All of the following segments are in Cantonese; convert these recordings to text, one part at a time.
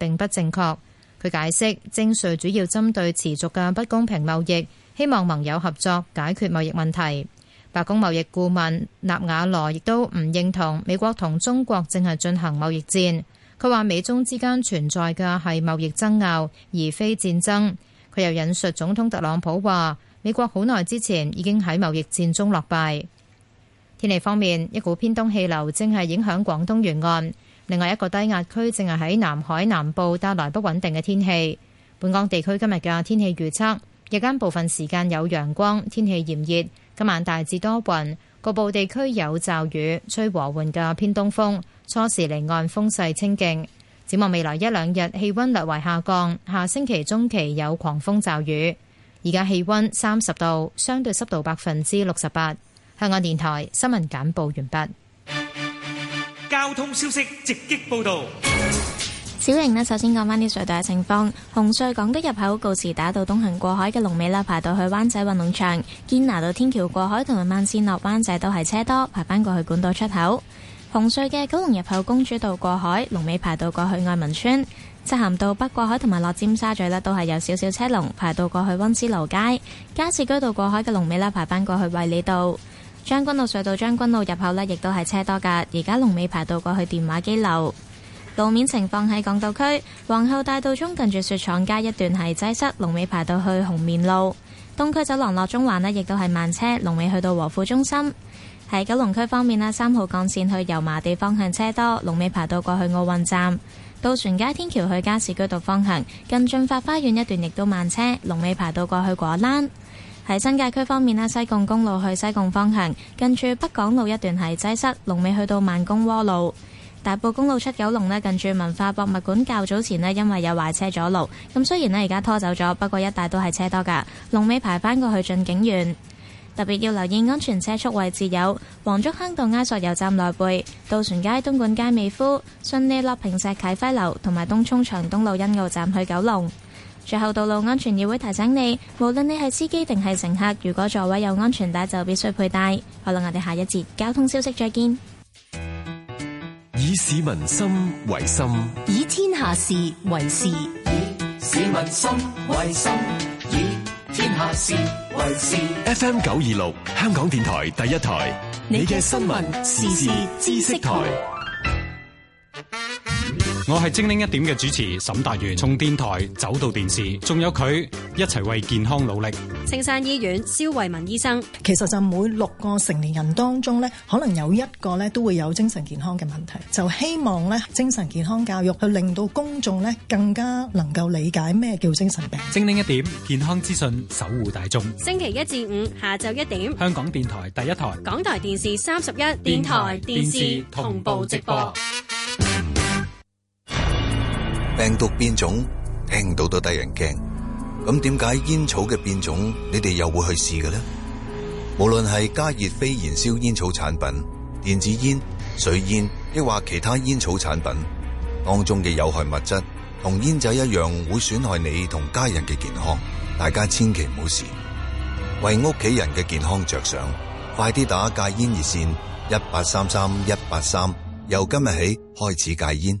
並不正確。佢解釋徵稅主要針對持續嘅不公平貿易，希望盟友合作解決貿易問題。白宮貿易顧問納瓦羅亦都唔認同美國同中國正係進行貿易戰。佢話美中之間存在嘅係貿易爭拗，而非戰爭。佢又引述總統特朗普話：美國好耐之前已經喺貿易戰中落敗。天氣方面，一股偏東氣流正係影響廣東沿岸。另外一個低壓區正係喺南海南部帶來不穩定嘅天氣。本港地區今日嘅天氣預測：日間部分時間有陽光，天氣炎熱；今晚大致多雲，局部地區有驟雨，吹和緩嘅偏東風。初時離岸風勢清勁。展望未來一兩日，氣溫略為下降。下星期中期有狂風驟雨。而家氣溫三十度，相對濕度百分之六十八。香港電台新聞簡報完畢。交通消息直擊報道。小瑩呢，首先講翻啲隧道嘅情況。紅隧港島入口告士打道東行過海嘅龍尾啦，排到去灣仔運動場；堅拿道天橋過海同埋慢線落灣仔都係車多，排翻過去管道出口。紅隧嘅九龍入口公主道過海龍尾排到過去愛民村；漆咸道北過海同埋落尖沙咀呢，都係有少少車龍，排到過去温思勞街；加士居道過海嘅龍尾啦，排翻過去衛理道。將軍澳隧道將軍澳入口呢，亦都係車多噶，而家龍尾排到過去電話機樓。路面情況喺港島區皇后大道中近住雪廠街一段係擠塞，龍尾排到去紅棉路。東區走廊落中環呢，亦都係慢車，龍尾去到和富中心。喺九龍區方面咧，三號幹線去油麻地方向車多，龍尾排到過去奧運站。渡船街天橋去加士居道方向近駿發花園一段亦都慢車，龍尾排到過去果欄。喺新界區方面，西貢公路去西貢方向，近住北港路一段係擠塞，龍尾去到萬公窩路。大埔公路出九龍咧，近住文化博物館較早前因為有壞車阻路，咁雖然咧而家拖走咗，不過一帶都係車多噶，龍尾排翻過去進景園。特別要留意安全車速位置有黃竹坑道埃索油站內背、渡船街、東莞街、美孚、順利落坪石啟輝樓同埋東涌長東路欣澳站去九龍。最後，道路安全議會提醒你，無論你係司機定係乘客，如果座位有安全帶，就必須佩戴。好喇，我哋下一節交通消息再見。以市民心為心，以天下事為事，以市民心為心，以天下事為事。F M 九二六，香港電台第一台，你嘅新聞時事知識台。我係精靈一點嘅主持沈達元，從電台走到電視，仲有佢一齊為健康努力。青山醫院蕭慧文醫生，其實就每六個成年人當中咧，可能有一個咧都會有精神健康嘅問題。就希望咧精神健康教育去令到公眾咧更加能夠理解咩叫精神病。精靈一點健康資訊，守護大眾。星期一至五下晝一點，香港電台第一台，港台電視三十一，電台電視同步直播。病毒變種聽到都得人驚，咁點解煙草嘅變種你哋又會去試嘅呢？無論係加熱非燃燒煙草產品、電子煙、水煙，亦或其他煙草產品當中嘅有害物質，同煙仔一樣會損害你同家人嘅健康。大家千祈唔好試，為屋企人嘅健康着想，快啲打戒煙熱線一八三三一八三，18 33, 18 3, 由今日起開始戒煙。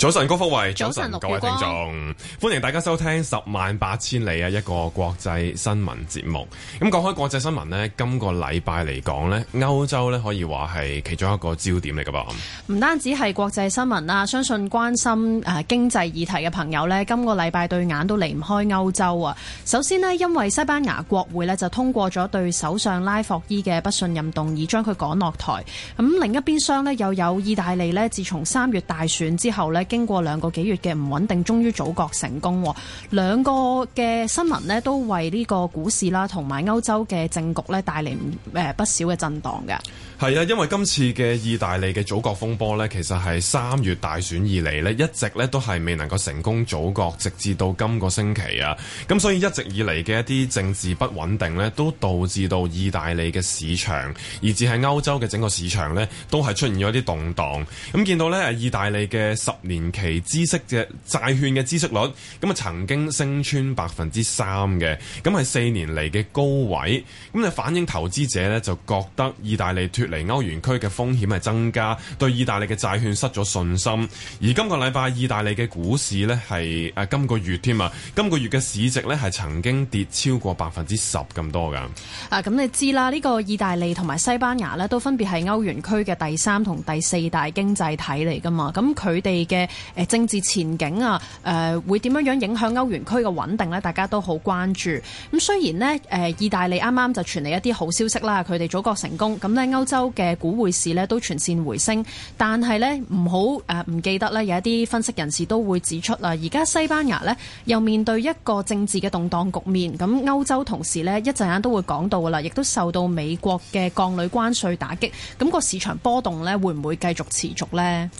早晨，高福偉，早晨，早晨各位聽眾，歡迎大家收聽十萬八千里啊一個國際新聞節目。咁講開國際新聞咧，今個禮拜嚟講咧，歐洲咧可以話係其中一個焦點嚟噶噃。唔單止係國際新聞啦，相信關心誒經濟議題嘅朋友咧，今個禮拜對眼都離唔開歐洲啊。首先咧，因為西班牙國會咧就通過咗對首相拉霍伊嘅不信任動議，將佢趕落台。咁另一邊廂咧，又有意大利咧，自從三月大選之後咧。經過兩個幾月嘅唔穩定，終於組閣成功。兩個嘅新聞呢，都為呢個股市啦，同埋歐洲嘅政局咧，帶嚟誒不少嘅震盪嘅。係啊，因為今次嘅意大利嘅組閣風波呢，其實係三月大選以嚟呢，一直呢都係未能夠成功組閣，直至到今個星期啊。咁所以一直以嚟嘅一啲政治不穩定呢，都導致到意大利嘅市場，以至係歐洲嘅整個市場呢，都係出現咗一啲動盪。咁見到呢，意大利嘅十年期孳息嘅債券嘅孳息率，咁啊曾經升穿百分之三嘅，咁係四年嚟嘅高位。咁就反映投資者呢，就覺得意大利脫嚟歐元區嘅風險係增加，對意大利嘅債券失咗信心。而今個禮拜，意大利嘅股市呢，係誒今個月添啊，今個月嘅市值呢，係曾經跌超過百分之十咁多噶。啊，咁、嗯、你知啦，呢、這個意大利同埋西班牙呢，都分別係歐元區嘅第三同第四大經濟體嚟噶嘛。咁佢哋嘅誒政治前景啊，誒、呃、會點樣樣影響歐元區嘅穩定呢？大家都好關注。咁、嗯、雖然呢，誒、呃、意大利啱啱就傳嚟一啲好消息啦，佢哋組閣成功咁咧、嗯，歐洲。歐洲嘅股匯市咧都全線回升，但係咧唔好誒唔、呃、記得咧有一啲分析人士都會指出啦，而家西班牙咧又面對一個政治嘅動盪局面，咁歐洲同時咧一陣間都會講到噶啦，亦都受到美國嘅降鋁關稅打擊，咁、那個市場波動咧會唔會繼續持續呢？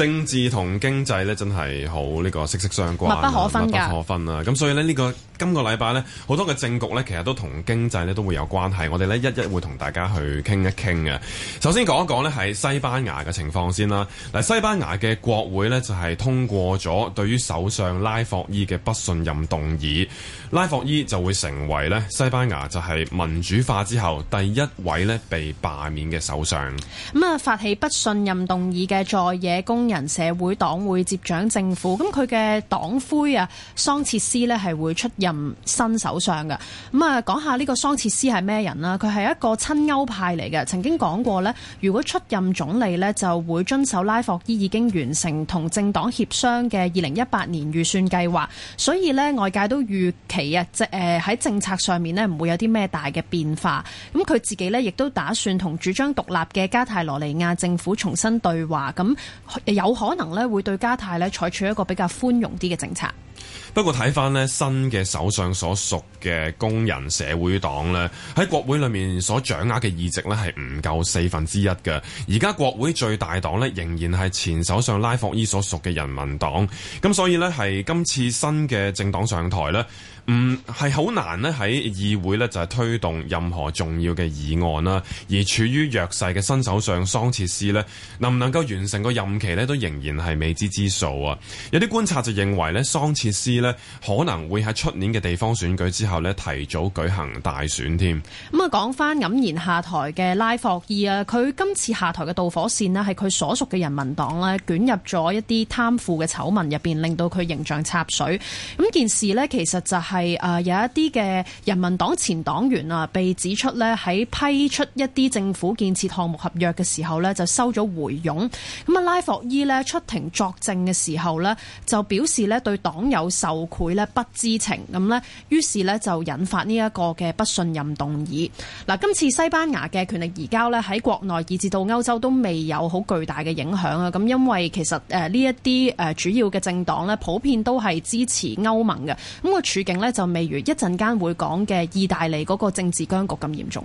政治同經濟咧真係好呢個息息相關，密不可分嘅，密不可分啊，咁所以呢、這個，呢個今個禮拜呢，好多嘅政局呢，其實都同經濟呢，都會有關係。我哋呢，一一會同大家去傾一傾嘅。首先講一講呢，係西班牙嘅情況先啦。嗱，西班牙嘅國會呢，就係通過咗對於首相拉霍伊嘅不信任動議，拉霍伊就會成為呢，西班牙就係民主化之後第一位呢，被罷免嘅首相。咁啊，發起不信任動議嘅在野公人社會黨會接掌政府，咁佢嘅黨魁啊桑切斯，呢係會出任新首相嘅。咁啊，講下呢個桑切斯係咩人啦？佢係一個親歐派嚟嘅，曾經講過呢，如果出任總理呢，就會遵守拉霍伊已經完成同政黨協商嘅二零一八年預算計劃。所以呢，外界都預期啊，即誒喺政策上面呢，唔會有啲咩大嘅變化。咁佢自己呢，亦都打算同主張獨立嘅加泰羅尼亞政府重新對話。咁。有可能咧，會對加泰咧採取一個比較寬容啲嘅政策。不過睇返呢新嘅首相所屬嘅工人社會黨呢喺國會裏面所掌握嘅議席呢係唔夠四分之一嘅，而家國會最大黨呢仍然係前首相拉霍伊所屬嘅人民黨，咁所以呢，係今次新嘅政黨上台呢唔係好難呢喺議會呢就係、是、推動任何重要嘅議案啦，而處於弱勢嘅新首相桑切斯呢能唔能夠完成個任期呢都仍然係未知之數啊，有啲觀察就認為呢桑切司咧可能會喺出年嘅地方選舉之後咧提早舉行大選添。咁啊，講翻黯然下台嘅拉霍伊啊，佢今次下台嘅導火線咧係佢所屬嘅人民黨咧捲入咗一啲貪腐嘅醜聞入邊，令到佢形象插水。咁件事咧其實就係誒有一啲嘅人民黨前黨員啊，被指出咧喺批出一啲政府建設項目合約嘅時候咧就收咗回佣。咁啊，拉霍伊咧出庭作證嘅時候咧就表示咧對黨友，有受賄咧，不知情咁咧，於是咧就引發呢一個嘅不信任動議。嗱，今次西班牙嘅權力移交咧喺國內以至到歐洲都未有好巨大嘅影響啊。咁因為其實誒呢一啲誒主要嘅政黨咧，普遍都係支持歐盟嘅。咁個處境咧就未如一陣間會講嘅意大利嗰個政治僵局咁嚴重。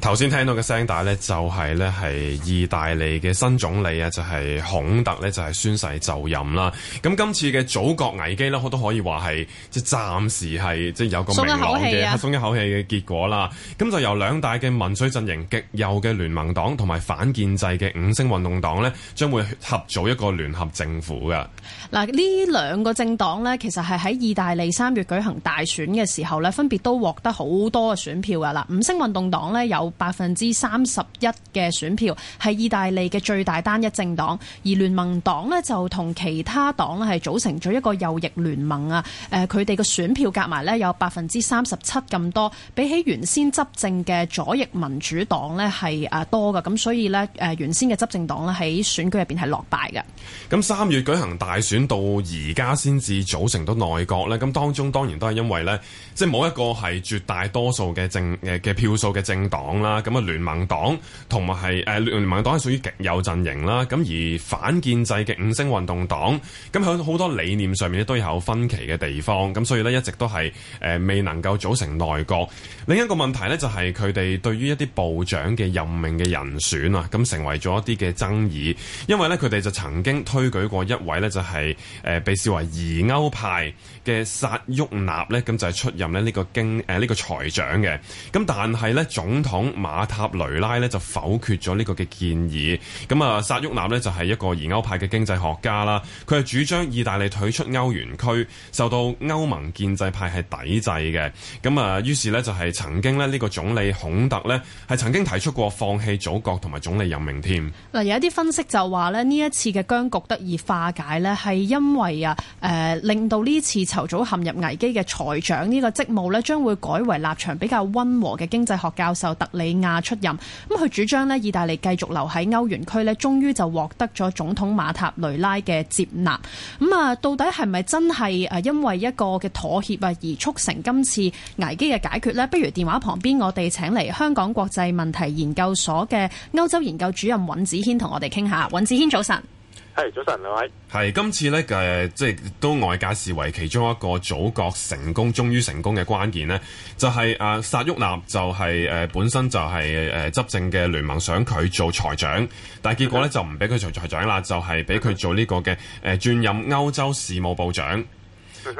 頭先聽到嘅聲帶咧，就係咧係意大利嘅新總理啊，就係、是、孔特咧，就係、是、宣誓就任啦。咁今次嘅組閣危機咧，我都可以話係即係暫時係即係有個明朗嘅鬆一口氣嘅、啊、結果啦。咁就由兩大嘅民粹陣營極右嘅聯盟黨同埋反建制嘅五星運動黨呢，將會合組一個聯合政府噶。嗱，呢兩個政黨呢，其實係喺意大利三月舉行大選嘅時候呢，分別都獲得好多嘅選票噶啦。五星運動黨呢，有。百分之三十一嘅選票係意大利嘅最大單一政黨，而聯盟黨呢，就同其他黨咧係組成咗一個右翼聯盟啊！誒、呃，佢哋嘅選票夾埋呢，有百分之三十七咁多，比起原先執政嘅左翼民主黨呢，係多嘅，咁所以呢，誒原先嘅執政黨咧喺選舉入邊係落敗嘅。咁三月舉行大選到而家先至組成到內閣呢，咁當中當然都係因為呢，即係冇一個係絕大多數嘅政誒嘅票數嘅政黨。啦咁啊，聯盟黨同埋係誒聯盟黨係屬於極右陣營啦。咁而反建制嘅五星運動黨，咁響好多理念上面咧都有分歧嘅地方。咁所以咧一直都係誒未能夠組成內閣，另一個問題咧就係佢哋對於一啲部長嘅任命嘅人選啊，咁成為咗一啲嘅爭議，因為咧佢哋就曾經推舉過一位咧就係誒被視為疑歐派嘅薩沃納咧，咁就係、是、出任咧呢個經誒呢個財長嘅。咁但係咧總統。馬塔雷拉咧就否決咗呢個嘅建議，咁啊薩沃納咧就係一個疑歐派嘅經濟學家啦，佢係主張意大利退出歐元區，受到歐盟建制派係抵制嘅，咁啊於是呢，就係曾經咧，呢、這個總理孔特呢係曾經提出過放棄祖國同埋總理任命添。嗱，有一啲分析就話咧，呢一次嘅僵局得以化解呢係因為啊誒、呃、令到呢次籌組陷入危機嘅財長呢個職務呢，將會改為立場比較溫和嘅經濟學教授特比亞出任，咁佢主張呢，意大利繼續留喺歐元區呢終於就獲得咗總統馬塔雷拉嘅接納。咁啊，到底係咪真係誒，因為一個嘅妥協啊，而促成今次危機嘅解決呢？不如電話旁邊，我哋請嚟香港國際問題研究所嘅歐洲研究主任尹子軒同我哋傾下。尹子軒，早晨。係早晨，兩位係今次咧嘅、呃，即係都外界視為其中一個組閣成功終於成功嘅關鍵咧，就係、是、啊薩沃納就係、是、誒、呃、本身就係誒執政嘅聯盟想佢做財長，但係結果咧、嗯、哼就唔俾佢做財長啦，就係俾佢做呢個嘅誒轉任歐洲事務部長。咁、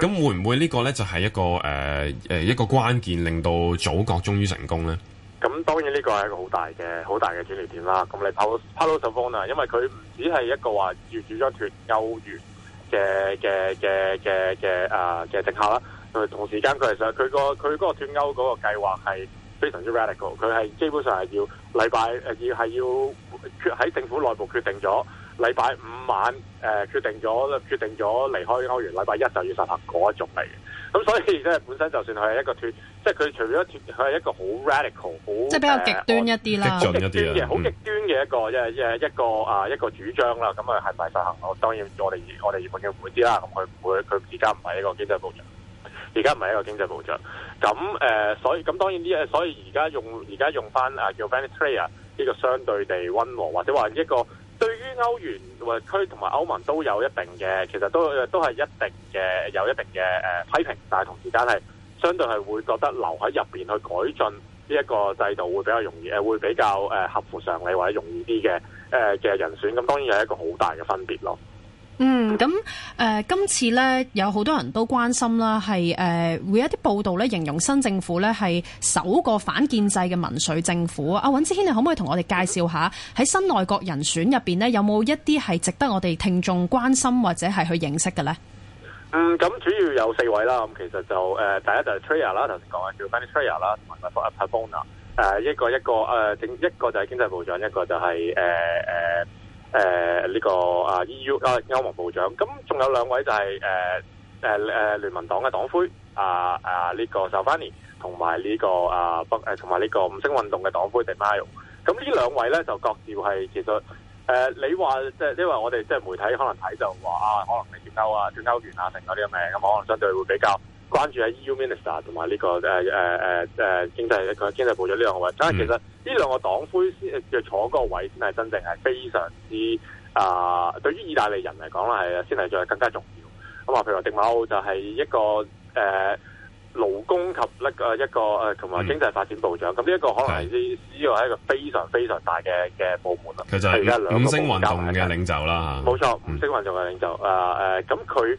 嗯、哼會唔會個呢個咧就係、是、一個誒誒、呃、一個關鍵，令到組閣終於成功咧？咁當然呢個係一個好大嘅、好大嘅轉捩點啦。咁你嚟到 Paolo Savona 因為佢唔止係一個話要主張脱歐元嘅、嘅、嘅、嘅、啊、嘅政客啦。同時間佢係想，佢、嗰個佢嗰個脱歐嗰個計劃係非常之 radical。佢係基本上係要禮拜要係要決喺政府內部決定咗。禮拜五晚誒、呃、決定咗決定咗離開歐元，禮拜一就要實行嗰一種嚟嘅。咁所以本身就算佢係一個脱，即係佢除咗佢係一個好 radical，好即係比較極端一啲啦，一啲嘅，好極端嘅一,一個一誒、嗯、一個，一個啊一個主張啦。咁啊係咪實行？我當然我哋我哋已經唔會知啦。咁佢唔會，佢而家唔係一個經濟部長。而家唔係一個經濟部長。咁誒、呃，所以咁當然啲所以而家用而家用翻叫 vanilla 呢個相對地溫和，或者話一個。對於歐元或區同埋歐盟都有一定嘅，其實都都係一定嘅，有一定嘅誒批評，但係同時間係相對係會覺得留喺入邊去改進呢一個制度會比較容易，誒會比較誒合乎常理或者容易啲嘅誒嘅人選，咁當然有一個好大嘅分別咯。嗯，咁誒、呃，今次咧有好多人都關心啦，係誒會有一啲報道咧形容新政府咧係首個反建制嘅民粹政府啊！阿尹之軒，你可唔可以同我哋介紹下喺新內閣人選入面咧有冇一啲係值得我哋聽眾關心或者係去認識嘅咧？嗯，咁主要有四位啦，咁其實就誒、呃、第一就係 Trayor 啦，頭先講嘅叫 b e n Trayor 啦，同埋咪 Pavona，一個一個誒、呃、一個就係經濟部長，一個就係、是、誒、呃呃誒，呢、呃這個啊 EU 啊歐盟部長，咁仲有兩位就係誒誒誒聯盟黨嘅黨魁啊啊、呢、這個薩瓦尼，同埋呢個啊北、誒同埋呢個五星運動嘅黨魁迪馬約，咁呢兩位咧就各自係其實誒、呃、你話即係因為我哋即係媒體可能睇就話啊，可能你脫歐啊脫歐元啊，啊成嗰啲咁嘅，咁可能相對會比較關注喺 EU Minister 同埋呢個誒誒誒誒經濟一、啊、經濟部長呢兩位，但係其實。呢兩個黨魁先坐嗰個位，先係真正係非常之啊、呃，對於意大利人嚟講啦，係先係最更加重要。咁啊，譬如話迪馬奧就係一個誒勞、呃、工及、呃、一個一個誒同埋經濟發展部長，咁呢一個可能係呢呢個係一個非常非常大嘅嘅部門啦。佢就係五,五星運動嘅領袖啦。冇錯，五星運動嘅領袖咁佢。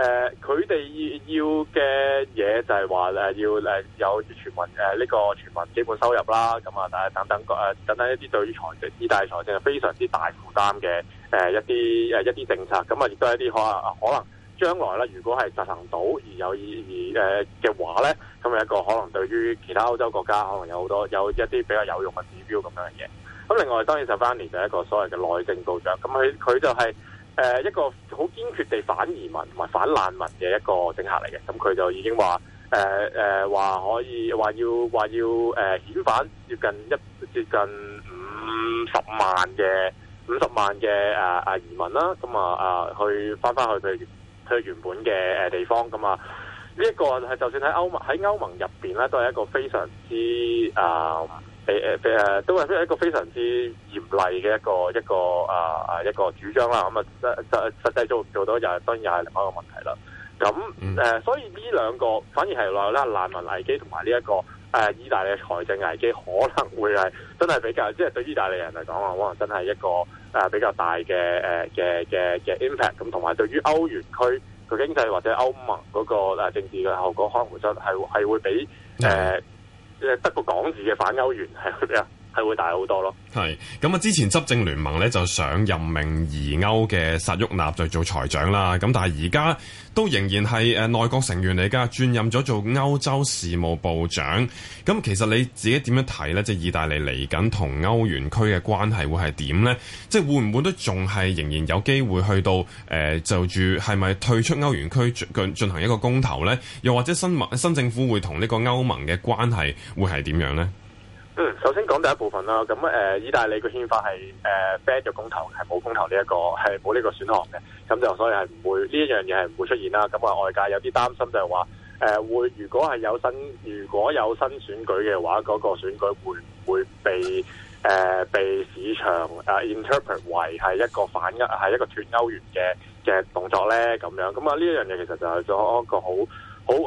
誒佢哋要嘅嘢就係話誒要誒有全民誒呢、呃這個全民基本收入啦，咁啊誒等等各誒、呃、等等一啲對於財政、意大利財政係非常之大負擔嘅誒、呃、一啲誒、啊、一啲政策，咁啊亦都係一啲可能、啊、可能將來咧，如果係實行到而有意義誒嘅話咧，咁係一個可能對於其他歐洲國家可能有好多有一啲比較有用嘅指標咁樣嘅嘢。咁另外當然 Salvini 就係一個所謂嘅內政部長，咁佢佢就係、係。誒一個好堅決地反移民同埋反難民嘅一個政客嚟嘅，咁佢就已經話誒誒話可以話要話要誒、呃、遣返接近一接近五十萬嘅五十萬嘅誒誒移民啦，咁啊啊，啊去翻翻去佢佢原本嘅誒地方咁啊，呢、這、一個就算喺歐，歐盟喺歐盟入邊咧，都係一個非常之誒。啊誒誒誒，都係一個非常之嚴厲嘅一個一個啊啊、呃、一個主張啦。咁、嗯、啊實實實際做做到又當然又係另外一個問題啦。咁誒、呃，所以呢兩個反而係內咧難民危機同埋呢一個誒、呃、意大利嘅財政危機，可能會係真係比較，即、就、係、是、對意大利人嚟講啊，可能真係一個誒比較大嘅誒嘅嘅嘅 impact。咁同埋對於歐元區佢經濟或者歐盟嗰個誒政治嘅效果可能會是，可能會真係係會比誒。呃嗯即係得個港字嘅反歐元，係嗰啊！係會大好多咯，係咁啊！之前執政聯盟呢，就想任命疑歐嘅薩沃納就做財長啦，咁但係而家都仍然係誒內閣成員嚟噶，轉任咗做歐洲事務部長。咁其實你自己點樣睇呢？即係意大利嚟緊同歐元區嘅關係會係點呢？即係會唔會都仲係仍然有機會去到、呃、就住係咪退出歐元區進行一個公投呢？又或者新新政府會同呢個歐盟嘅關係會係點樣呢？嗯、首先講第一部分啦，咁誒、呃，意大利嘅憲法係誒，ban 咗公投，係冇公投呢一個，係冇呢個選項嘅，咁就所以係唔會呢一樣嘢係唔會出現啦。咁啊，外界有啲擔心就係話，誒、呃、會如果係有新如果有新選舉嘅話，嗰個選舉會唔會被誒、呃、被市場誒 interpret 為係一個反一係一個脫歐元嘅嘅動作咧？咁樣咁啊，呢一樣嘢其實就係咗一個好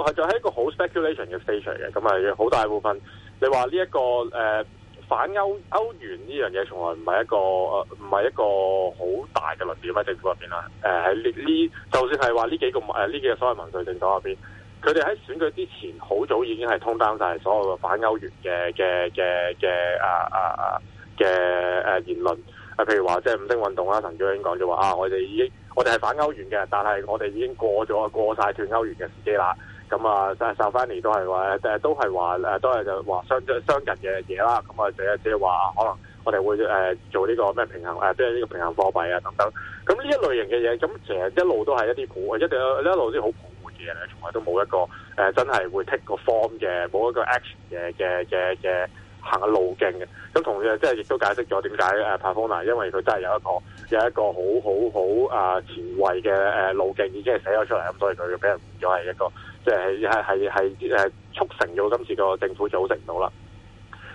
好就係一個好 speculation 嘅 stage 嚟嘅，咁啊，好大部分。你話呢、這個呃、一個誒反歐歐元呢樣嘢，從來唔係一個誒，唔係一個好大嘅論點喺政府入邊啦。誒喺呢呢，就算係話呢幾個誒呢、呃、幾個所謂民粹政黨入邊，佢哋喺選舉之前好早已經係通單曬所有嘅反歐元嘅嘅嘅嘅啊啊嘅誒言論啊，譬如話即係五星運動啦，陳兆英講就話啊，我哋已經我哋係反歐元嘅，但係我哋已經過咗過曬脫歐元嘅時機啦。咁啊，收翻嚟都係話，都係話，都係就話相相近嘅嘢啦。咁啊，即即係話，可能我哋會、欸、做呢個咩平衡，誒即係呢個平衡貨幣啊等等。咁、啊、呢一類型嘅嘢，咁其實一路都係一啲好，一定一路啲好泡沫嘅嘢，從來都冇一個、欸、真係會 take 個 form 嘅，冇一個 action 嘅嘅嘅嘅行嘅路徑嘅。咁、啊、同樣即係亦都解釋咗點解誒 p e o 因為佢真係有一個有一個好好好啊前衞嘅誒路徑，已經係寫咗出嚟，咁所以佢俾人再係一個。即係係係係誒促成咗今次個政府組成到啦。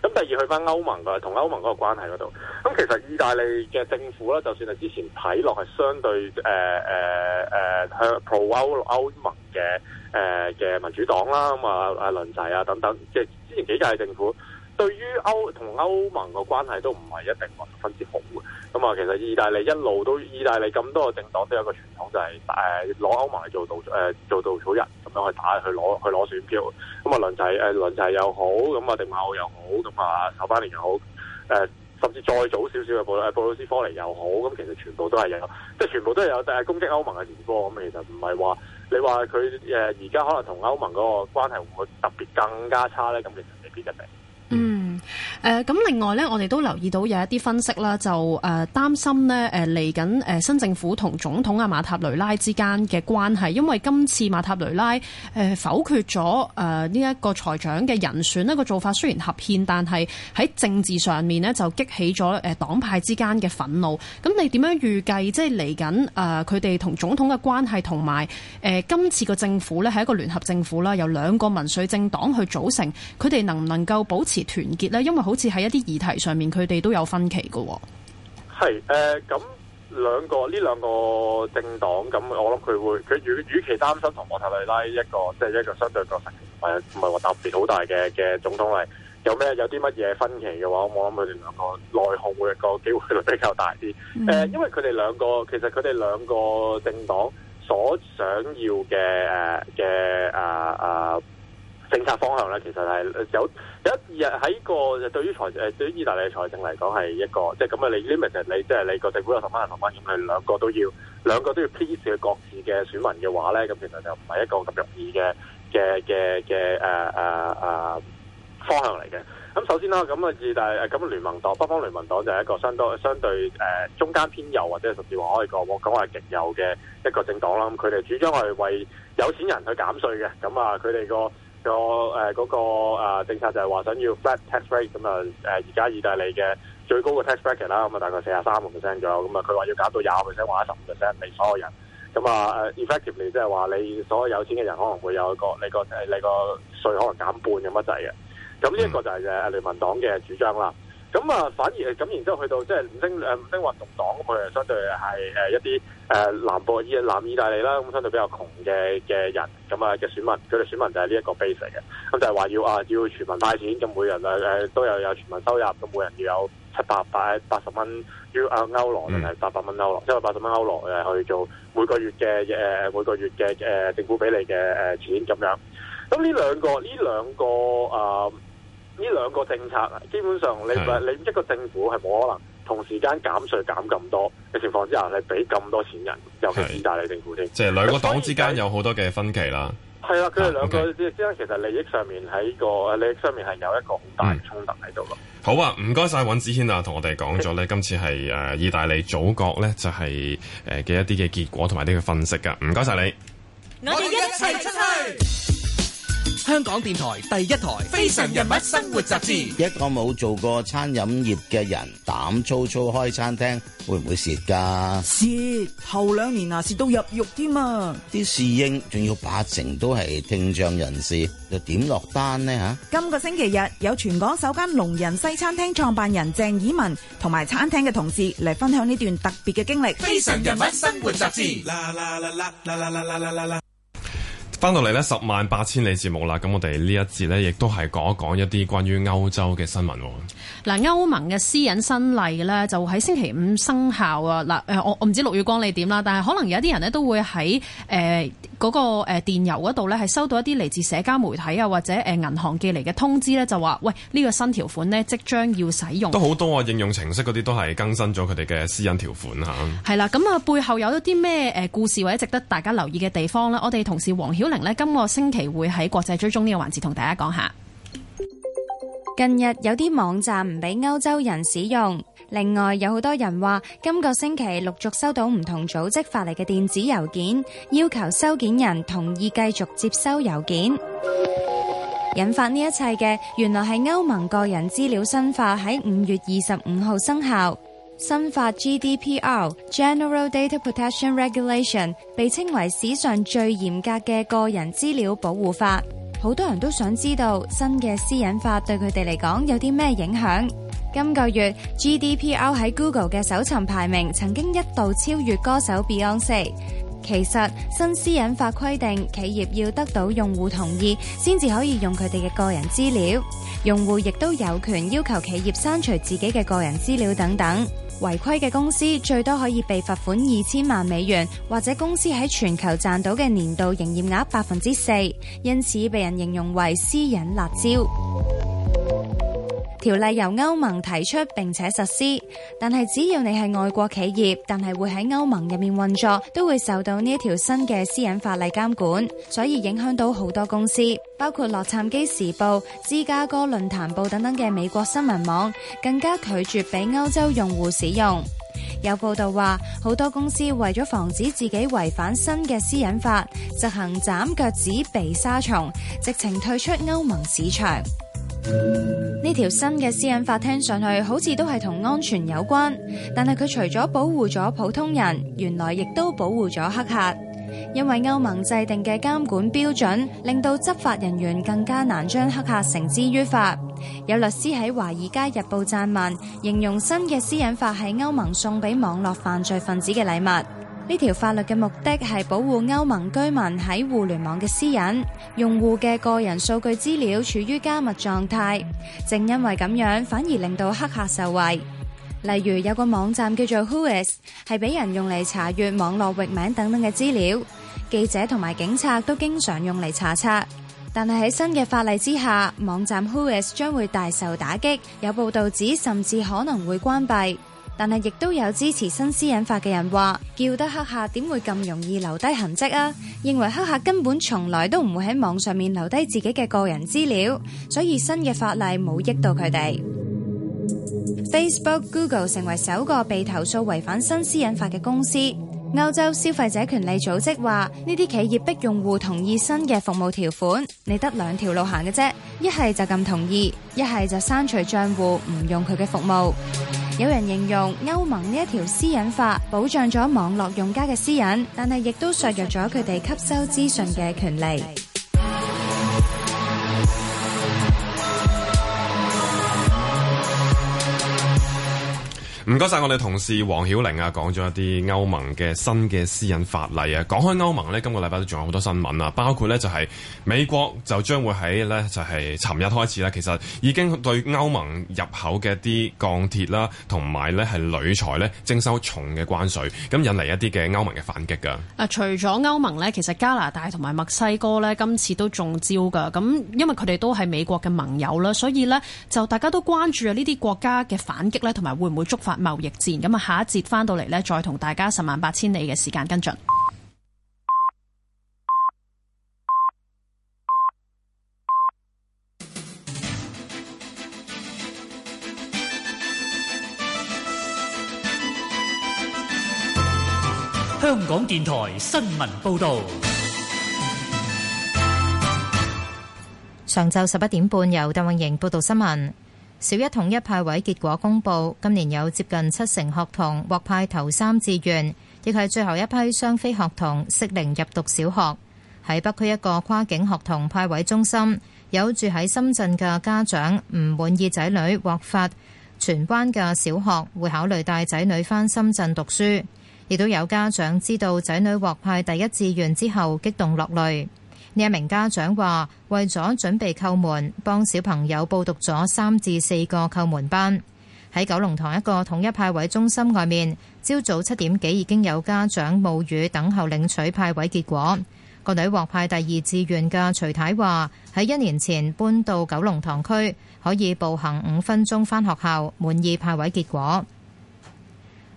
咁第二去翻歐盟嘅同歐盟個關係度，咁其實意大利嘅政府咧，就算係之前睇落係相對誒誒誒向 pro 歐歐盟嘅誒嘅民主黨啦，咁啊阿倫仔啊等等，即係之前幾屆政府對於歐同歐盟個關係都唔係一定十分之好。咁啊，其實意大利一路都意大利咁多個政黨都有個傳統就，就係攞歐盟去做稻誒做稻草人咁樣打去打去攞去攞選票。咁啊，倫齊、呃、倫齊又好，咁啊，迪馬奧又好，咁啊，後巴年又好，甚至再早少少嘅布布魯斯科尼又好，咁其實全部都係有，即係全部都係有攻擊歐盟嘅言過。咁其實唔係話你話佢而家可能同歐盟嗰個關係會唔會特別更加差咧，咁其實未必一定。嗯。誒，咁另外呢，我哋都留意到有一啲分析啦，就誒擔心呢誒嚟緊誒新政府同總統阿馬塔雷拉之間嘅關係，因為今次馬塔雷拉誒否決咗誒呢一個財長嘅人選，呢個做法雖然合憲，但係喺政治上面呢，就激起咗誒黨派之間嘅憤怒。咁你點樣預計即係嚟緊誒佢哋同總統嘅關係，同埋誒今次個政府呢，係一個聯合政府啦，由兩個民粹政黨去組成，佢哋能唔能夠保持團結？嗱，因為好似喺一啲議題上面，佢哋都有分歧嘅。係誒，咁、呃、兩個呢兩個政黨，咁我諗佢會佢與與其擔心同莫塔里拉一個即係、就是、一個相對角色，誒，唔係話特別好大嘅嘅總統嚟，有咩有啲乜嘢分歧嘅話，我冇諗佢哋兩個內訌會個機會率比較大啲。誒、mm，hmm. 因為佢哋兩個其實佢哋兩個政黨所想要嘅誒嘅政策方向咧，其實係有有一日喺個對於財誒對於意大利財政嚟講係一個即係咁你 limit，、就是、你即係你個政府又同埋人同埋險係兩個都要兩個都要 please 嘅各自嘅選民嘅話咧，咁其實就唔係一個咁容易嘅嘅嘅嘅誒誒誒方向嚟嘅。咁首先啦，咁啊意大咁聯盟黨、北方聯盟黨就係一個相對相對誒中間偏右或者甚至話可以講我講我係極右嘅一個政黨啦。咁佢哋主張係為有錢人去減稅。嘅，咁啊，佢哋個呃那個誒嗰個政策就係話想要 flat tax rate，咁啊誒而家意大利嘅最高嘅 tax bracket 啦，咁啊大概四十三個 percent 左右，咁啊佢話要搞到廿個 percent 或一十五 percent 俾所有人，咁、嗯、啊誒、呃、effectively 即係話你所有有錢嘅人可能會有一個你個誒你個稅可能減半咁乜滯嘅，咁呢一個就係、是、誒、呃、聯盟黨嘅主張啦。咁啊，反而咁然之後去到即係、就是、五星誒五星運動黨佢哋相對係一啲南部，爾、呃、南意大利啦，咁相對比較窮嘅嘅人，咁啊嘅選民，佢哋選民就係呢一個 base 嚟嘅，咁就係話要啊要全民派錢，咁每人啊、呃，都有有全民收入，咁每人要有七百百八十蚊，要啊歐羅定係八百蚊歐羅，七、mm. 百八十蚊歐羅誒去、就是、做每個月嘅、呃、每個月嘅誒、呃、政府俾你嘅誒錢咁樣，咁呢兩個呢兩個、呃呢兩個政策，基本上你的你一個政府係冇可能同時間減稅減咁多嘅情況之下，係俾咁多錢人，尤其是意大利政府即係兩個黨之間有好多嘅分歧啦。係啦，佢哋兩個之間、啊 okay、其實利益上面喺個利益上面係有一個好大嘅衝突喺度咯。好啊，唔該晒尹子軒啊，同我哋講咗咧，今的次係誒、呃、意大利祖閣咧，就係誒嘅一啲嘅結果同埋啲嘅分析噶。唔該晒你，我哋一齊出去。香港電台第一台《非常人物生活雜誌》，一個冇做過餐飲業嘅人，膽粗粗開餐廳，會唔會蝕㗎？蝕，頭兩年啊，蝕到入肉添啊！啲侍應仲要八成都係聽障人士，又點落單呢？吓！今個星期日有全港首間聾人西餐廳創辦人鄭以文同埋餐廳嘅同事嚟，分享呢段特別嘅經歷。非常人物生活雜誌。翻到嚟呢，十萬八千里節目啦，咁我哋呢一節呢，亦都係講一講一啲關於歐洲嘅新聞，哦。嗱，歐盟嘅私隱新例咧，就喺星期五生效啊！嗱，誒，我我唔知六月光你點啦，但係可能有啲人呢，都會喺誒嗰個誒電郵嗰度呢，係收到一啲嚟自社交媒體啊或者誒銀行寄嚟嘅通知呢，就話喂，呢個新條款呢，即將要使用。都好多啊，應用程式嗰啲都係更新咗佢哋嘅私隱條款吓。係、啊、啦，咁啊、嗯、背後有一啲咩誒故事或者值得大家留意嘅地方呢？我哋同事黃曉。今個星期會喺國際追蹤呢個環節同大家講下。近日有啲網站唔俾歐洲人使用，另外有好多人話，今個星期陸續收到唔同組織發嚟嘅電子郵件，要求收件人同意繼續接收郵件，引發呢一切嘅原來係歐盟個人資料新法喺五月二十五號生效。新法 GDPR（General Data Protection Regulation） 被稱為史上最嚴格嘅個人資料保護法，好多人都想知道新嘅私隱法對佢哋嚟講有啲咩影響。今個月 GDPR 喺 Google 嘅搜尋排名曾經一度超越歌手 Beyonce。其實新私隱法規定企業要得到用戶同意先至可以用佢哋嘅個人資料，用戶亦都有權要求企業刪除自己嘅個人資料等等。違規嘅公司最多可以被罰款二千萬美元，或者公司喺全球賺到嘅年度營業額百分之四，因此被人形容為私隱辣招。條例由歐盟提出並且實施，但係只要你係外國企業，但係會喺歐盟入面運作，都會受到呢一條新嘅私隱法例監管，所以影響到好多公司，包括洛杉磯時報、芝加哥論壇報等等嘅美國新聞網，更加拒絕俾歐洲用戶使用。有報道話，好多公司為咗防止自己違反新嘅私隱法，執行斬腳趾避沙蟲，直情退出歐盟市場。呢條新嘅私隱法聽上去好似都係同安全有關，但係佢除咗保護咗普通人，原來亦都保護咗黑客。因為歐盟制定嘅監管標準，令到執法人員更加難將黑客繩之於法。有律師喺《華爾街日報》撰文，形容新嘅私隱法係歐盟送俾網絡犯罪分子嘅禮物。呢條法律嘅目的係保護歐盟居民喺互聯網嘅私隱，用戶嘅個人數據資料處於加密狀態。正因為咁樣，反而令到黑客受惠。例如有個網站叫做 Whois，係俾人用嚟查閱網絡域名等等嘅資料。記者同埋警察都經常用嚟查冊。但係喺新嘅法例之下，網站 Whois 將會大受打擊。有報道指，甚至可能會關閉。但係亦都有支持新私隱法嘅人話：叫得黑客點會咁容易留低痕迹啊？認為黑客根本從來都唔會喺網上面留低自己嘅個人資料，所以新嘅法例冇益到佢哋。Facebook、Google 成為首個被投訴違反新私隱法嘅公司。歐洲消費者權利組織話：呢啲企業逼用戶同意新嘅服務條款，你得兩條路行嘅啫，一係就咁同意，一係就刪除賬戶，唔用佢嘅服務。有人形容歐盟呢一條私隱法保障咗網絡用家嘅私隱，但係亦都削弱咗佢哋吸收資訊嘅權利。唔該晒，謝謝我哋同事黃曉玲啊，講咗一啲歐盟嘅新嘅私隱法例啊。講開歐盟咧，今個禮拜都仲有好多新聞啊，包括咧就係美國就將會喺咧就係尋日開始啦。其實已經對歐盟入口嘅一啲鋼鐵啦，同埋咧係鋁材咧徵收重嘅關稅，咁引嚟一啲嘅歐盟嘅反擊㗎。啊，除咗歐盟咧，其實加拿大同埋墨西哥咧今次都中招㗎。咁因為佢哋都係美國嘅盟友啦，所以咧就大家都關注啊呢啲國家嘅反擊咧，同埋會唔會觸發。貿易戰咁啊！下一節翻到嚟呢，再同大家十萬八千里嘅時間跟進。香港電台新聞報導，上晝十一點半由鄧穎瑩報道新聞。小一統一派位結果公佈，今年有接近七成學童獲派頭三志願，亦係最後一批雙非學童適齡入讀小學。喺北區一個跨境學童派位中心，有住喺深圳嘅家長唔滿意仔女獲發荃灣嘅小學，會考慮帶仔女返深圳讀書。亦都有家長知道仔女獲派第一志願之後，激動落淚。呢一名家長話：為咗準備叩門，幫小朋友報讀咗三至四個叩門班。喺九龍塘一個統一派位中心外面，朝早七點幾已經有家長冒雨等候領取派位結果。個女獲派第二志願嘅徐太話：喺一年前搬到九龍塘區，可以步行五分鐘返學校，滿意派位結果。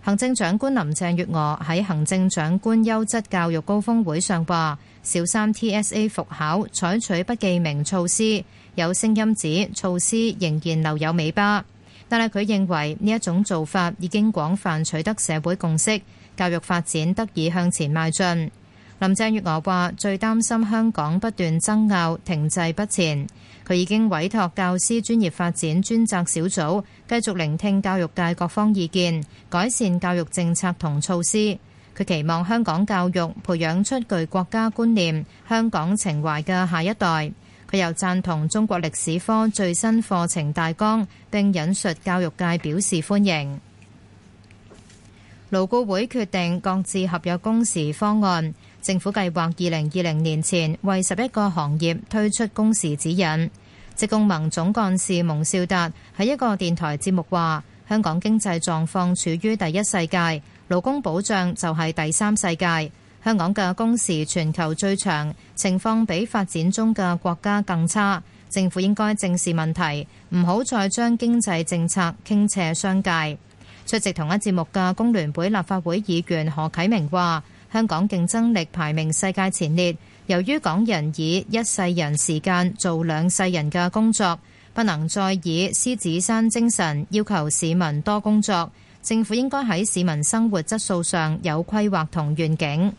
行政長官林鄭月娥喺行政長官優質教育高峰會上話。小三 TSA 復考採取不記名措施，有聲音指措施仍然留有尾巴，但係佢認為呢一種做法已經廣泛取得社會共識，教育發展得以向前邁進，林鄭月娥話最擔心香港不斷爭拗，停滯不前。佢已經委託教師專業發展專責小組繼續聆聽教育界各方意見改善教育政策同措施。佢期望香港教育培養出具國家觀念、香港情懷嘅下一代。佢又讚同中國歷史科最新課程大綱，並引述教育界表示歡迎。勞顧會決定各自合約工時方案，政府計劃二零二零年前為十一個行業推出工時指引。職工盟總幹事蒙兆達喺一個電台節目話：香港經濟狀況處於第一世界。勞工保障就係第三世界，香港嘅工時全球最長，情況比發展中嘅國家更差。政府應該正視問題，唔好再將經濟政策傾斜商界。出席同一節目嘅工聯會立法會議員何啟明話：香港競爭力排名世界前列，由於港人以一世人時間做兩世人嘅工作，不能再以獅子山精神要求市民多工作。政府應該喺市民生活質素上有規劃同願景。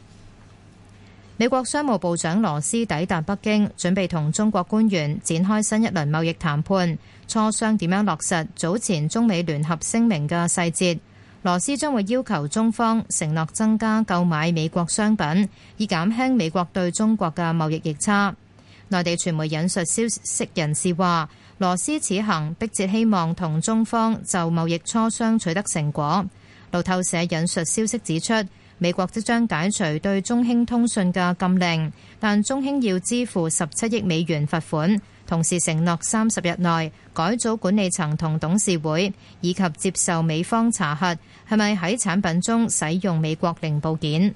美國商務部長羅斯抵達北京，準備同中國官員展開新一輪貿易談判，磋商點樣落實早前中美聯合聲明嘅細節。羅斯將會要求中方承諾增加購買美國商品，以減輕美國對中國嘅貿易逆差。內地傳媒引述消息人士話：羅斯此行迫切希望同中方就貿易磋商取得成果。路透社引述消息指出，美國即將解除對中興通訊嘅禁令，但中興要支付十七億美元罰款，同時承諾三十日內改組管理層同董事會，以及接受美方查核係咪喺產品中使用美國零部件。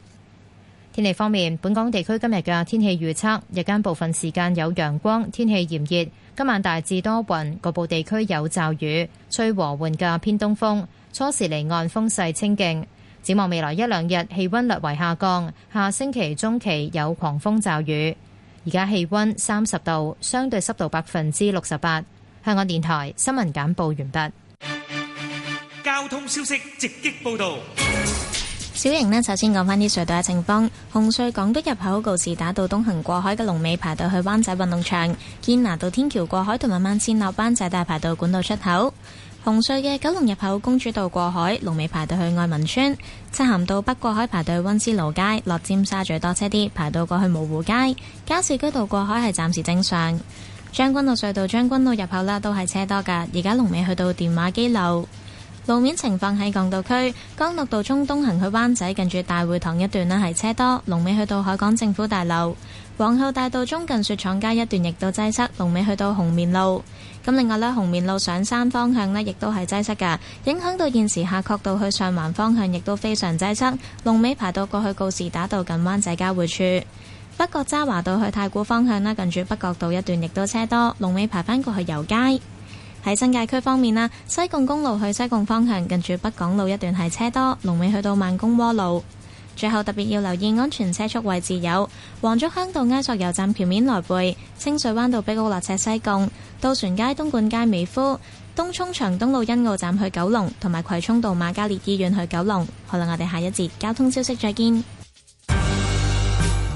天氣方面，本港地區今日嘅天氣預測：日間部分時間有陽光，天氣炎熱；今晚大致多雲，局部地區有驟雨，吹和緩嘅偏東風。初時離岸風勢清勁。展望未來一兩日，氣温略為下降。下星期中期有狂風驟雨。而家氣温三十度，相對濕度百分之六十八。香港電台新聞簡報完畢。交通消息直擊報道。小瑩呢，首先講返啲隧道嘅情況。紅隧港島入口告士打道東行過海嘅龍尾排到去灣仔運動場，堅拿道天橋過海同慢慢先落灣仔，大排到管道出口。紅隧嘅九龍入口公主道過海龍尾排到去愛民村，漆咸道北過海排到溫思勞街，落尖沙咀多車啲，排到過去蕪湖街。加士居道過海係暫時正常。將軍澳隧道將軍澳入口啦，都係車多噶，而家龍尾去到電話機樓。路面情況喺港島區，干諾道中東行去灣仔，近住大會堂一段咧係車多，龍尾去到海港政府大樓；皇后大道中近雪廠街一段亦都擠塞，龍尾去到紅棉路。咁另外呢，紅棉路上山方向呢亦都係擠塞嘅，影響到現時夏慤道去上環方向亦都非常擠塞，龍尾排到過去告士打道近灣仔交匯處。北角渣華道去太古方向呢，近住北角道一段亦都車多，龍尾排返過去油街。喺新界區方面啦，西貢公路去西貢方向近住北港路一段係車多，龍尾去到萬公窩路。最後特別要留意安全車速位置，有黃竹坑道埃索油站橋面來背，清水灣道碧高立赤西貢，渡船街東莞街美孚，東涌長東路欣澳站去九龍，同埋葵涌道瑪嘉烈醫院去九龍。好喇，我哋下一節交通消息再見。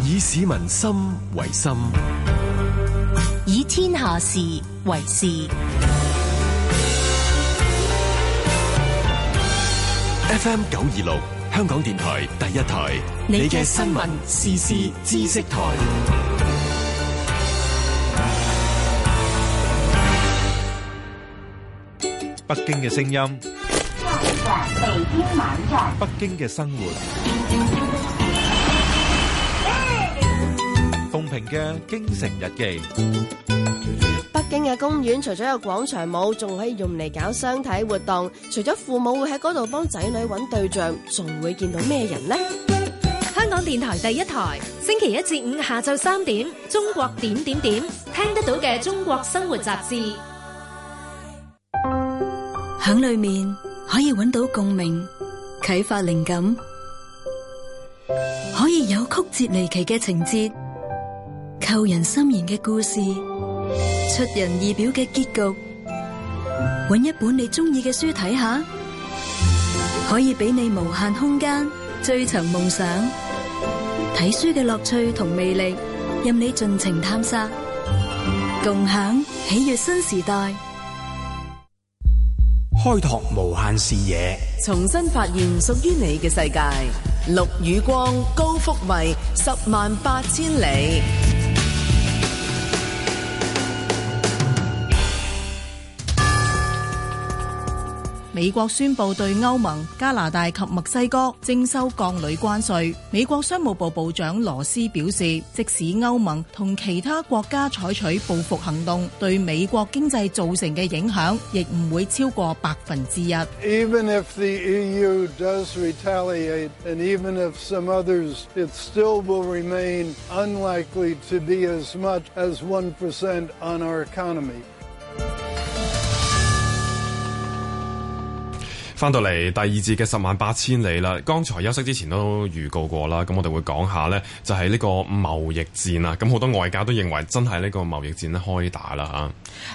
以市民心為心，以天下事為事。FM 九二六，香港電台第一台，你嘅新聞時事知識台，北京嘅聲音，北京南站，北京嘅生活，奉平嘅京城日記。今日公園除咗有廣場舞，仲可以用嚟搞相睇活動。除咗父母會喺嗰度幫仔女揾對象，仲會見到咩人呢？香港電台第一台，星期一至五下晝三點，中國點點點聽得到嘅中國生活雜誌，響裏面可以揾到共鳴、啟發靈感，可以有曲折離奇嘅情節、扣人心弦嘅故事，出人意表嘅結局，搵一本你中意嘅書睇下，可以俾你無限空間追尋夢想。睇書嘅樂趣同魅力，任你盡情探索，共享喜悅新時代，開拓無限視野，重新發現屬於你嘅世界。陸雨光，高福慧，十萬八千里。美國宣布對歐盟、加拿大及墨西哥徵收鋼鋁關稅。美國商務部部長羅斯表示，即使歐盟同其他國家採取報復行動，對美國經濟造成嘅影響，亦唔會超過百分之一。Even if the EU does retaliate, and even if some others, it still will remain unlikely to be as much as 1% on our economy. 翻到嚟第二節嘅十萬八千里啦，剛才休息之前都預告過啦，咁我哋會講下呢，就係呢個貿易戰啊，咁好多外界都認為真係呢個貿易戰呢開打啦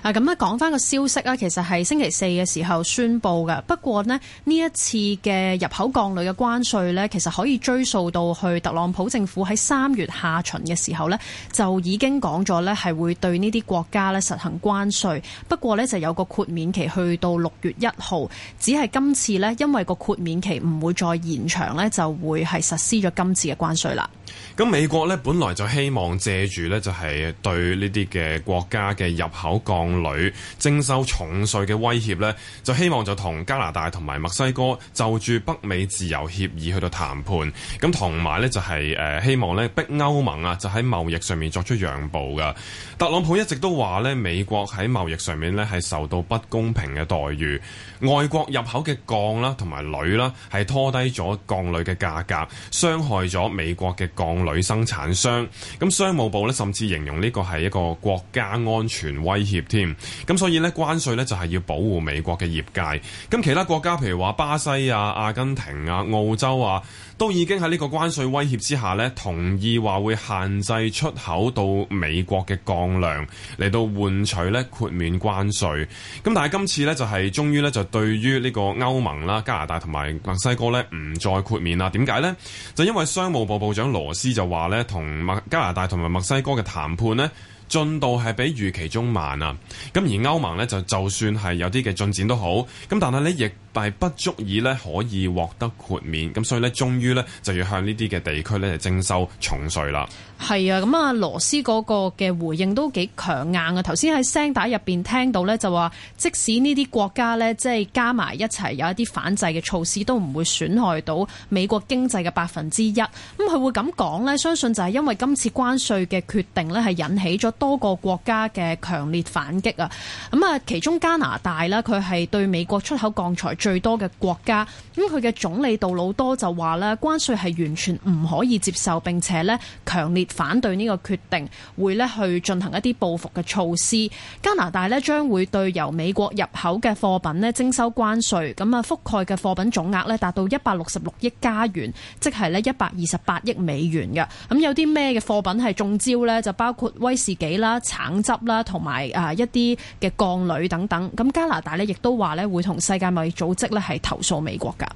嚇。啊，咁呢講翻個消息啊，其實係星期四嘅時候宣布嘅，不過呢，呢一次嘅入口降類嘅關稅呢，其實可以追溯到去特朗普政府喺三月下旬嘅時候呢，就已經講咗呢係會對呢啲國家呢實行關稅，不過呢，就有個豁免期去到六月一號，只係今次咧，因為個豁免期唔會再延長咧，就會係實施咗今次嘅關稅啦。咁美國咧，本來就希望借住呢，就係對呢啲嘅國家嘅入口鋼鋁、徵收重稅嘅威脅呢就希望就同加拿大同埋墨西哥就住北美自由協議去到談判。咁同埋呢，就、呃、係希望呢，逼歐盟啊，就喺貿易上面作出讓步噶。特朗普一直都話呢，美國喺貿易上面呢係受到不公平嘅待遇，外國入口嘅鋼啦同埋鋁啦，係拖低咗鋼鋁嘅價格，傷害咗美國嘅鋼鋁生產商，咁商務部呢，甚至形容呢個係一個國家安全威脅添，咁所以呢關稅，呢就係要保護美國嘅業界，咁其他國家譬如話巴西啊、阿根廷啊、澳洲啊。都已經喺呢個關稅威脅之下呢，同意話會限制出口到美國嘅鋼鋁嚟到換取呢豁免關稅。咁但係今次呢，就係終於呢，就對於呢個歐盟啦、加拿大同埋墨西哥呢，唔再豁免啦。點解呢？就因為商務部部長羅斯就話呢，同墨加拿大同埋墨西哥嘅談判呢，進度係比預期中慢啊。咁而歐盟呢，就就算係有啲嘅進展都好，咁但係呢亦，但係不足以咧，可以獲得豁免，咁所以咧，終於咧就要向呢啲嘅地區咧係徵收重稅啦。係啊，咁啊，羅斯嗰個嘅回應都幾強硬啊！頭先喺聲帶入邊聽到呢，就話即使呢啲國家呢，即係加埋一齊有一啲反制嘅措施，都唔會損害到美國經濟嘅百分之一。咁佢會咁講呢，相信就係因為今次關稅嘅決定呢，係引起咗多個國家嘅強烈反擊啊！咁啊，其中加拿大呢，佢係對美國出口鋼材。最多嘅國家，咁佢嘅總理杜魯多就話呢，關稅係完全唔可以接受，並且呢，強烈反對呢個決定，會呢，去進行一啲報復嘅措施。加拿大呢，將會對由美國入口嘅貨品呢，徵收關稅，咁啊覆蓋嘅貨品總額呢，達到一百六十六億加元，即係呢一百二十八億美元嘅。咁有啲咩嘅貨品係中招呢？就包括威士忌啦、橙汁啦，同埋啊一啲嘅鋼鋁等等。咁加拿大呢，亦都話呢，會同世界貿易組。即咧係投訴美國的，㗎。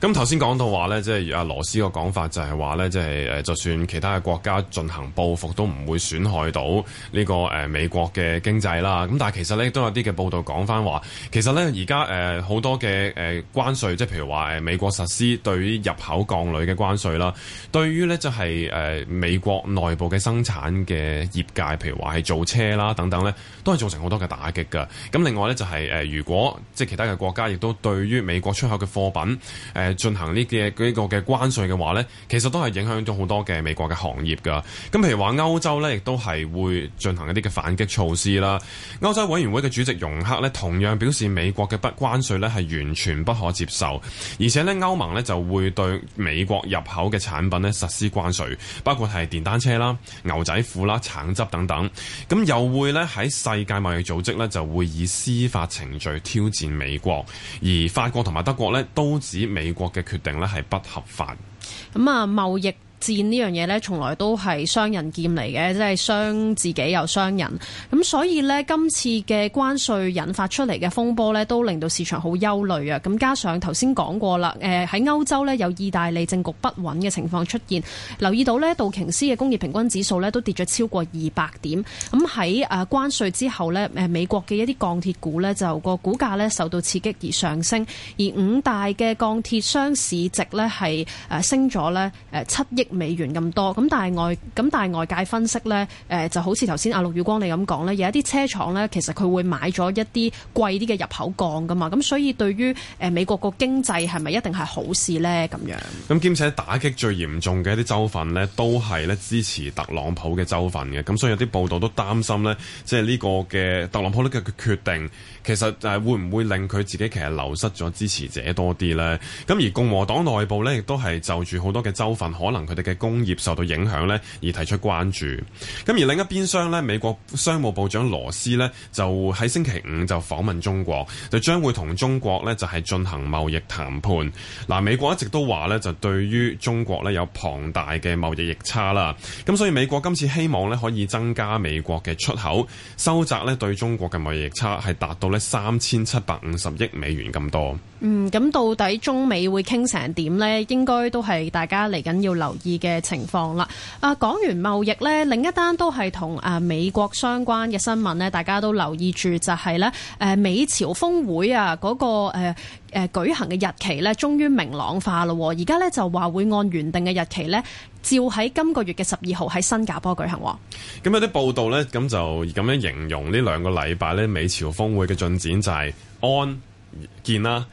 咁頭先講到話咧，即係阿羅斯個講法就係話咧，即係誒，就算其他嘅國家進行報復都唔會損害到呢個誒美國嘅經濟啦。咁但係其實咧，都有啲嘅報道講翻話，其實咧而家誒好多嘅誒關稅，即係譬如話誒美國實施對於入口鋼鋁嘅關稅啦，對於咧就係誒美國內部嘅生產嘅業界，譬如話係造車啦等等咧，都係造成好多嘅打擊。㗎。咁另外咧就係、是、誒，如果即係其他嘅國家亦都對。對於美國出口嘅貨品，誒、呃，進行呢個呢個嘅、這個、關稅嘅話呢，其實都係影響咗好多嘅美國嘅行業噶。咁譬如話歐洲呢，亦都係會進行一啲嘅反擊措施啦。歐洲委員會嘅主席容克呢，同樣表示美國嘅不關稅呢係完全不可接受，而且呢，歐盟呢就會對美國入口嘅產品呢實施關稅，包括係電單車啦、牛仔褲啦、橙汁等等。咁又會呢，喺世界貿易組織呢，就會以司法程序挑戰美國而。法國同埋德國咧都指美國嘅決定咧係不合法，咁啊貿易戰呢樣嘢咧，從來都係雙刃劍嚟嘅，即係傷自己又傷人。咁所以呢，今次嘅關稅引發出嚟嘅風波咧，都令到市場好憂慮啊！咁加上頭先講過啦，誒喺歐洲咧有意大利政局不穩嘅情況出現，留意到呢，道瓊斯嘅工業平均指數咧都跌咗超過二百點。咁喺誒關稅之後呢，誒美國嘅一啲鋼鐵股呢，就個股價咧受到刺激而上升，而五大嘅鋼鐵商市值呢，係誒升咗呢誒七億。美元咁多，咁但係外，咁但係外界分析咧，誒、呃、就好似頭先阿陸宇光你咁講咧，有一啲車廠咧，其實佢會買咗一啲貴啲嘅入口鋼噶嘛，咁所以對於誒、呃、美國個經濟係咪一定係好事咧？咁樣。咁兼且打擊最嚴重嘅一啲州份咧，都係咧支持特朗普嘅州份嘅，咁所以有啲報道都擔心咧，即係呢個嘅特朗普呢個嘅決定。其實誒會唔會令佢自己其實流失咗支持者多啲呢？咁而共和黨內部呢，亦都係就住好多嘅州份，可能佢哋嘅工業受到影響呢，而提出關注。咁而另一邊廂呢，美國商務部長羅斯呢，就喺星期五就訪問中國，就將會同中國呢，就係、是、進行貿易談判。嗱、啊，美國一直都話呢，就對於中國呢，有龐大嘅貿易逆差啦。咁、啊、所以美國今次希望呢，可以增加美國嘅出口，收窄呢，對中國嘅貿易逆差係達到。三千七百五十億美元咁多，嗯，咁到底中美會傾成點呢？應該都係大家嚟緊要留意嘅情況啦。啊，講完貿易呢，另一單都係同啊美國相關嘅新聞呢，大家都留意住就係呢誒，美朝峰會啊，嗰、嗰個誒。啊誒舉行嘅日期咧，終於明朗化咯。而家咧就話會按原定嘅日期咧，照喺今個月嘅十二號喺新加坡舉行。咁有啲報道咧，咁就咁樣形容呢兩個禮拜咧，美朝峰會嘅進展就係 on 見啦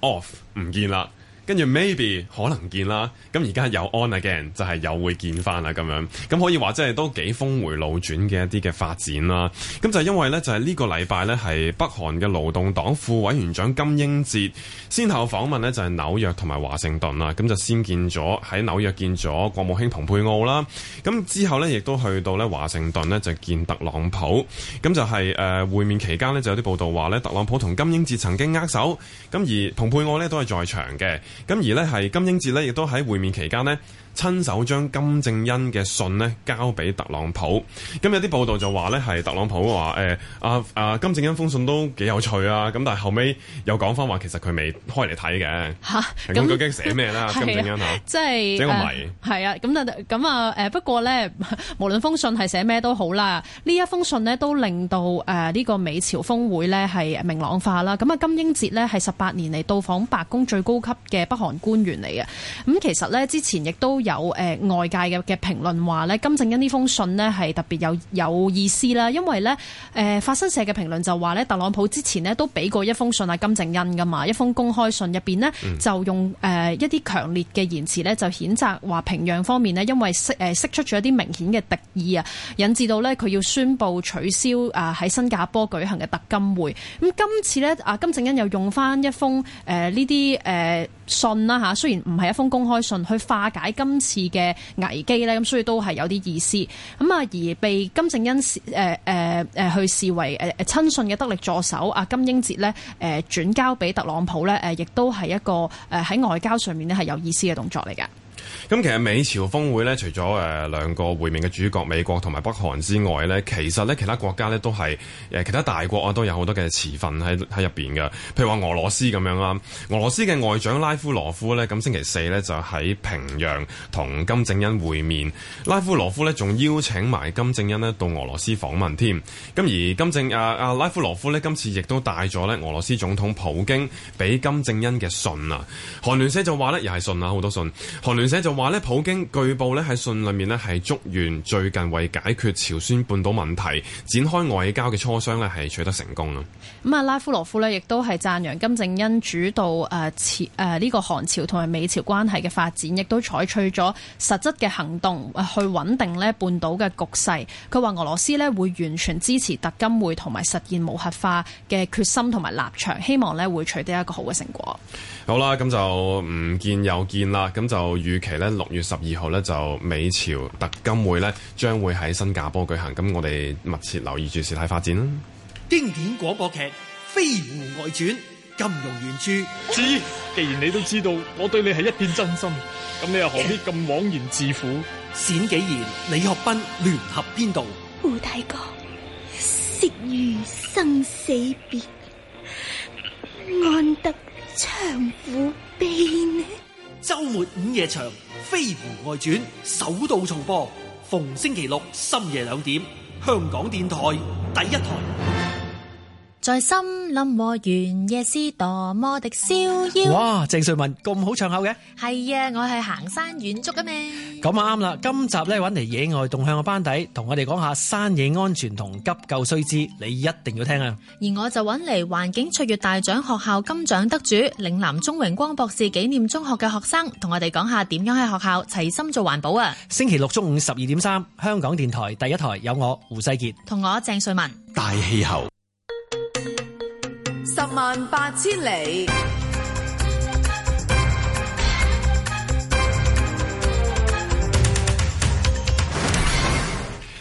，off 唔見啦。跟住 maybe 可能見啦，咁而家又 on again，就係又會見翻啦咁樣，咁可以話真係都幾峰回路轉嘅一啲嘅發展啦。咁就因為呢，就係、是、呢個禮拜呢，係北韓嘅勞動黨副委員長金英哲先後訪問呢，就係、是、紐約同埋華盛頓啦，咁就先見咗喺紐約見咗國務卿蓬佩奧啦，咁之後呢，亦都去到呢華盛頓呢，就見特朗普，咁就係、是、誒、呃、會面期間呢，就有啲報道話呢，特朗普同金英哲曾經握手，咁而蓬佩奧呢，都係在場嘅。咁而呢，係金英哲呢，亦都喺會面期間呢，親手將金正恩嘅信呢，交俾特朗普，咁有啲報道就話呢係特朗普話誒、欸、啊啊金正恩封信都幾有趣啊，咁但係後尾又講翻話其實佢未開嚟睇嘅嚇，咁哈究竟寫咩啦？ 啊、金正恩即係整個謎係啊，咁是啊咁啊誒不過呢，無論封信係寫咩都好啦，呢一封信呢，都令到誒呢、啊呢個美朝峯會呢係明朗化啦。咁啊金英哲呢，係十八年嚟到訪白宮最高級嘅北韓官員嚟嘅，咁其實呢，之前亦都。有誒外界嘅嘅評論話咧，金正恩呢封信咧係特別有有意思啦，因為咧誒法新社嘅評論就話咧，特朗普之前咧都俾過一封信啊金正恩噶嘛，一封公開信入邊咧就用誒、呃、一啲強烈嘅言辭咧就譴責話平壤方面咧因為、呃、釋誒出咗一啲明顯嘅敵意啊，引致到咧佢要宣布取消啊喺新加坡舉行嘅特金會。咁、嗯、今次咧啊金正恩又用翻一封誒呢啲誒信啦嚇，雖然唔係一封公開信，去化解金。今次嘅危機咧，咁所以都係有啲意思。咁啊，而被金正恩誒誒誒去視為誒親信嘅得力助手啊，金英哲咧誒轉交俾特朗普咧誒，亦都係一個誒喺外交上面咧係有意思嘅動作嚟嘅。咁其實美朝峰會咧，除咗、呃、兩個會面嘅主角美國同埋北韓之外咧，其實咧其他國家咧都係、呃、其他大國啊，都有好多嘅戲份喺喺入面嘅。譬如話俄羅斯咁樣啦，俄羅斯嘅外長拉夫羅夫咧，咁星期四咧就喺平壤同金正恩會面。拉夫羅夫呢仲邀請埋金正恩呢到俄羅斯訪問添。咁而金正啊啊拉夫羅夫呢，今次亦都帶咗咧俄羅斯總統普京俾金正恩嘅信啊。韓聯社就話咧又係信啊好多信。韓聯社就話咧，普京據報咧喺信裏面咧係祝願最近為解決朝鮮半島問題展開外交嘅磋商咧係取得成功啦。咁啊，拉夫羅夫咧亦都係讚揚金正恩主導誒誒呢個韓朝同埋美朝關係嘅發展，亦都採取咗實質嘅行動去穩定咧半島嘅局勢。佢話俄羅斯咧會完全支持特金會同埋實現無核化嘅決心同埋立場，希望咧會取得一個好嘅成果。好啦，咁就唔見又見啦，咁就預期呢六月十二號咧就美朝特金會咧將會喺新加坡舉行，咁我哋密切留意住事態發展啦。經典廣播劇《飛狐外傳》，金庸原著。子，既然你都知道我對你係一片真心，咁 你又何必咁枉然自苦？冼紀賢、李學斌聯合編導。胡大哥，死如生死別，安得長婦悲呢？周末午夜場《飛狐外傳》首度重播，逢星期六深夜兩點，香港電台第一台。在森林和原野是多麼的逍遙。哇！鄭瑞文咁好唱口嘅。係啊，我係行山遠足嘅咩？咁啊啱啦！今集咧揾嚟野外動向嘅班底，同我哋講下山野安全同急救須知，你一定要聽啊！而我就揾嚟環境卓越大獎學校金獎得主嶺南鍾榮光博士紀念中學嘅學生，同我哋講下點樣喺學校齊心做環保啊！星期六中午十二點三，香港電台第一台有我胡世杰同我鄭瑞文大氣候。十萬八千里。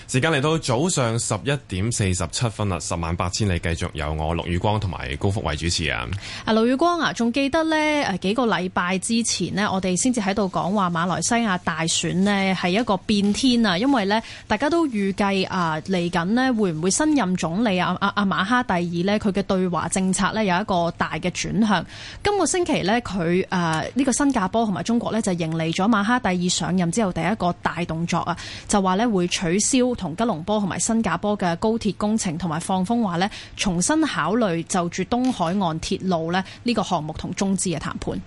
時間嚟到早上十一點四十七分啦，十萬八千里繼續由我陸宇光同埋高福偉主持人啊！阿陸宇光啊，仲記得呢，誒，幾個禮拜之前呢，我哋先至喺度講話馬來西亞大選呢係一個變天啊！因為呢大家都預計啊，嚟緊呢會唔會新任總理啊？阿、啊、阿馬哈蒂爾呢，佢嘅對華政策呢有一個大嘅轉向。今個星期呢，佢誒呢個新加坡同埋中國呢就迎嚟咗馬哈蒂爾上任之後第一個大動作啊，就話呢會取消。同吉隆坡同埋新加坡嘅高鐵工程，同埋放風話咧，重新考慮就住東海岸鐵路咧呢個項目同中資嘅談判。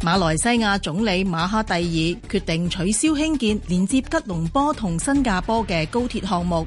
馬來西亞總理馬哈蒂爾決定取消興建連接吉隆坡同新加坡嘅高鐵項目。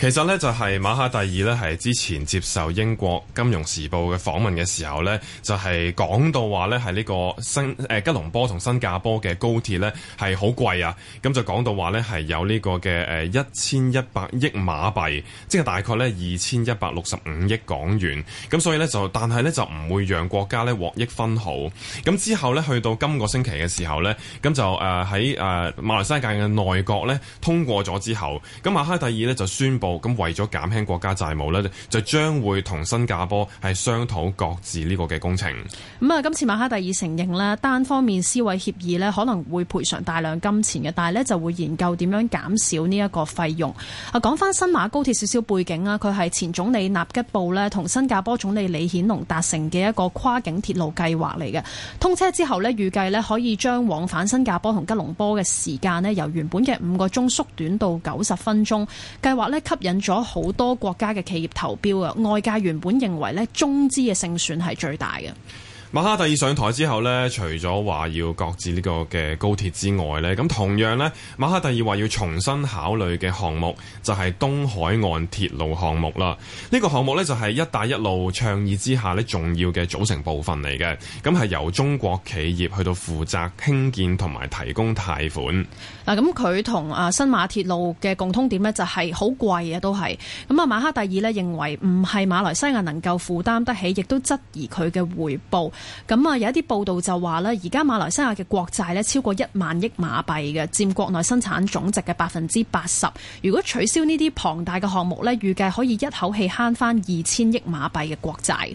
其實呢，就係馬哈蒂爾呢係之前接受英國金融時報嘅訪問嘅時候呢就係講到話呢係呢個新誒吉隆坡同新加坡嘅高鐵呢係好貴啊！咁就講到話呢係有呢個嘅誒一千一百億馬幣，即係大概呢二千一百六十五億港元。咁所以呢，就，但係呢，就唔會讓國家呢獲益分毫。咁之後呢，去到今個星期嘅時候呢，咁就誒喺誒馬來西亞嘅內閣呢通過咗之後，咁馬哈蒂爾呢，就宣布。咁為咗減輕國家債務呢就將會同新加坡係商討各自呢個嘅工程。咁啊，今次馬哈蒂爾承認咧，單方面撕毀協議咧可能會賠償大量金錢嘅，但係呢就會研究點樣減少呢一個費用。啊，講返新馬高鐵少少背景啊，佢係前總理納吉布咧同新加坡總理李顯龍達成嘅一個跨境鐵路計劃嚟嘅。通車之後呢預計咧可以將往返新加坡同吉隆坡嘅時間咧由原本嘅五個鐘縮短到九十分鐘。計劃呢。引咗好多國家嘅企業投標啊，外界原本認為咧中資嘅勝算係最大嘅。馬哈蒂爾上台之後呢，除咗話要擱置呢個嘅高鐵之外呢，咁同樣呢，馬哈蒂爾話要重新考慮嘅項目就係東海岸鐵路項目啦。呢個項目呢，就係一帶一路倡議之下呢重要嘅組成部分嚟嘅。咁係由中國企業去到負責興建同埋提供貸款。嗱，咁佢同啊新馬鐵路嘅共通點呢，就係好貴啊，都係。咁啊馬哈蒂爾呢，認為唔係馬來西亞能夠負擔得起，亦都質疑佢嘅回報。咁啊，有一啲報道就話呢，而家馬來西亞嘅國債呢，超過一萬億馬幣嘅，佔國內生產總值嘅百分之八十。如果取消呢啲龐大嘅項目呢，預計可以一口氣慳翻二千億馬幣嘅國債。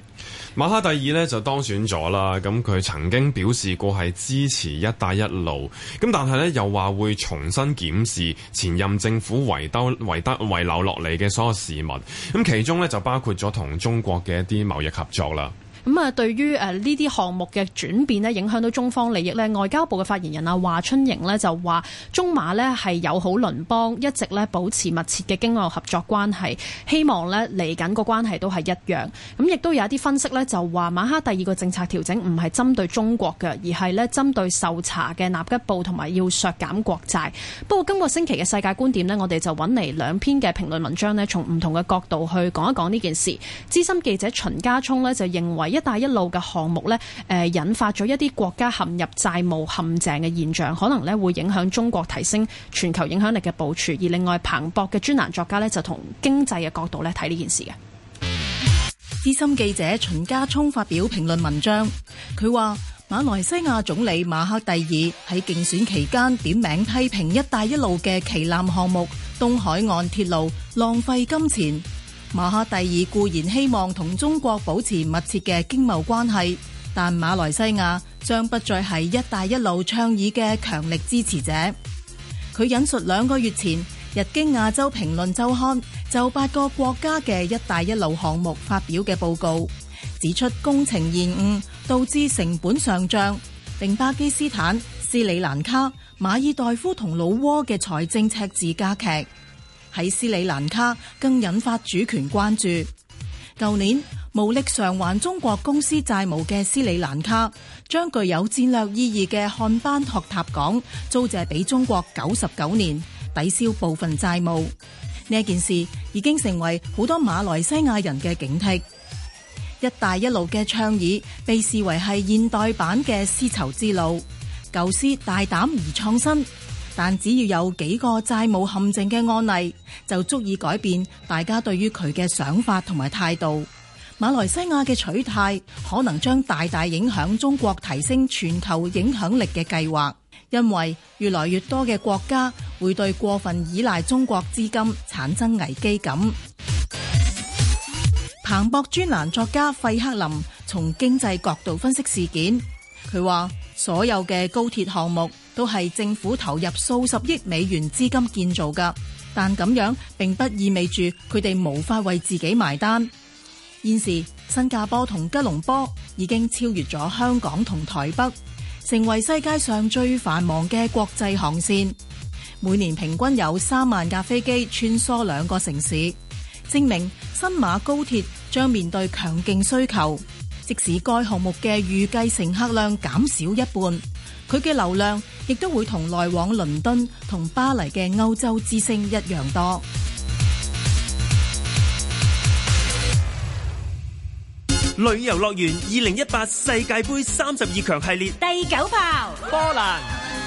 馬哈蒂爾呢，就當選咗啦，咁佢曾經表示過係支持一帶一路，咁但係呢，又話會重新檢視前任政府遺留遺留遺留落嚟嘅所有事務。咁其中呢，就包括咗同中國嘅一啲貿易合作啦。咁啊、嗯，對於呢啲項目嘅轉變呢，影響到中方利益呢，外交部嘅發言人啊，華春瑩呢就話，中馬呢係友好鄰邦，一直呢保持密切嘅經貿合作關係，希望呢嚟緊個關係都係一樣。咁亦都有一啲分析呢就話馬哈第二個政策調整唔係針對中國嘅，而係呢針對受查嘅納吉布同埋要削減國債。不過今個星期嘅世界觀點呢，我哋就揾嚟兩篇嘅評論文章呢，從唔同嘅角度去講一講呢件事。資深記者秦家聰呢就認為。一帶一路嘅項目呢，誒引發咗一啲國家陷入債務陷阱嘅現象，可能呢會影響中國提升全球影響力嘅部署。而另外，彭博嘅專欄作家呢，就同經濟嘅角度呢睇呢件事嘅。資深記者秦家聰發表評論文章，佢話馬來西亞總理馬哈蒂爾喺競選期間點名批評一帶一路嘅旗艦項目——東海岸鐵路，浪費金錢。馬哈蒂爾固然希望同中國保持密切嘅經貿關係，但馬來西亞將不再係“一帶一路”倡議嘅強力支持者。佢引述兩個月前《日經亞洲評論週刊》就八個國家嘅“一帶一路”項目發表嘅報告，指出工程延誤導致成本上漲，令巴基斯坦、斯里蘭卡、馬爾代夫同老撾嘅財政赤字加劇。喺斯里蘭卡更引發主權關注去。舊年無力償還中國公司債務嘅斯里蘭卡，將具有戰略意義嘅漢班托塔港租借俾中國九十九年，抵消部分債務。呢件事已經成為好多馬來西亞人嘅警惕。一帶一路嘅倡議，被視為係現代版嘅絲綢之路，舊時大膽而創新。但只要有幾個債務陷阱嘅案例，就足以改變大家對於佢嘅想法同埋態度。馬來西亞嘅取態可能將大大影響中國提升全球影響力嘅計劃，因為越來越多嘅國家會對過分依賴中國資金產生危機感。彭博專欄作家費克林從經濟角度分析事件，佢話所有嘅高鐵項目。都係政府投入數十億美元資金建造噶，但咁樣並不意味住佢哋無法為自己埋單。現時新加坡同吉隆坡已經超越咗香港同台北，成為世界上最繁忙嘅國際航線，每年平均有三萬架飛機穿梭兩個城市，證明新馬高鐵將面對強勁需求，即使該項目嘅預計乘客量減少一半。佢嘅流量亦都會同來往倫敦同巴黎嘅歐洲之星一樣多。旅遊樂園二零一八世界杯三十二強系列第九炮，波蘭。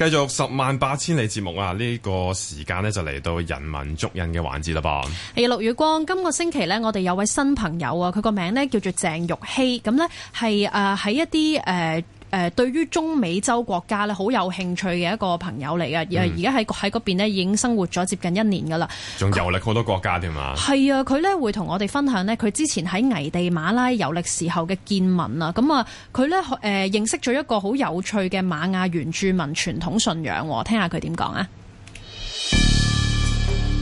繼續十萬八千里節目啊！呢個時間呢，就嚟到人民足印嘅環節啦噃。係啊，陸宇光，今個星期呢，我哋有位新朋友啊，佢個名呢叫做鄭玉希，咁呢，係誒喺一啲誒。呃誒、呃、對於中美洲國家咧，好有興趣嘅一個朋友嚟嘅，而家喺喺嗰邊已經生活咗接近一年噶啦，仲遊歷好多國家添他啊！係啊，佢咧會同我哋分享呢，佢之前喺危地馬拉遊歷時候嘅見聞啊！咁、嗯、啊，佢咧誒認識咗一個好有趣嘅瑪雅原住民傳統信仰，聽下佢點講啊！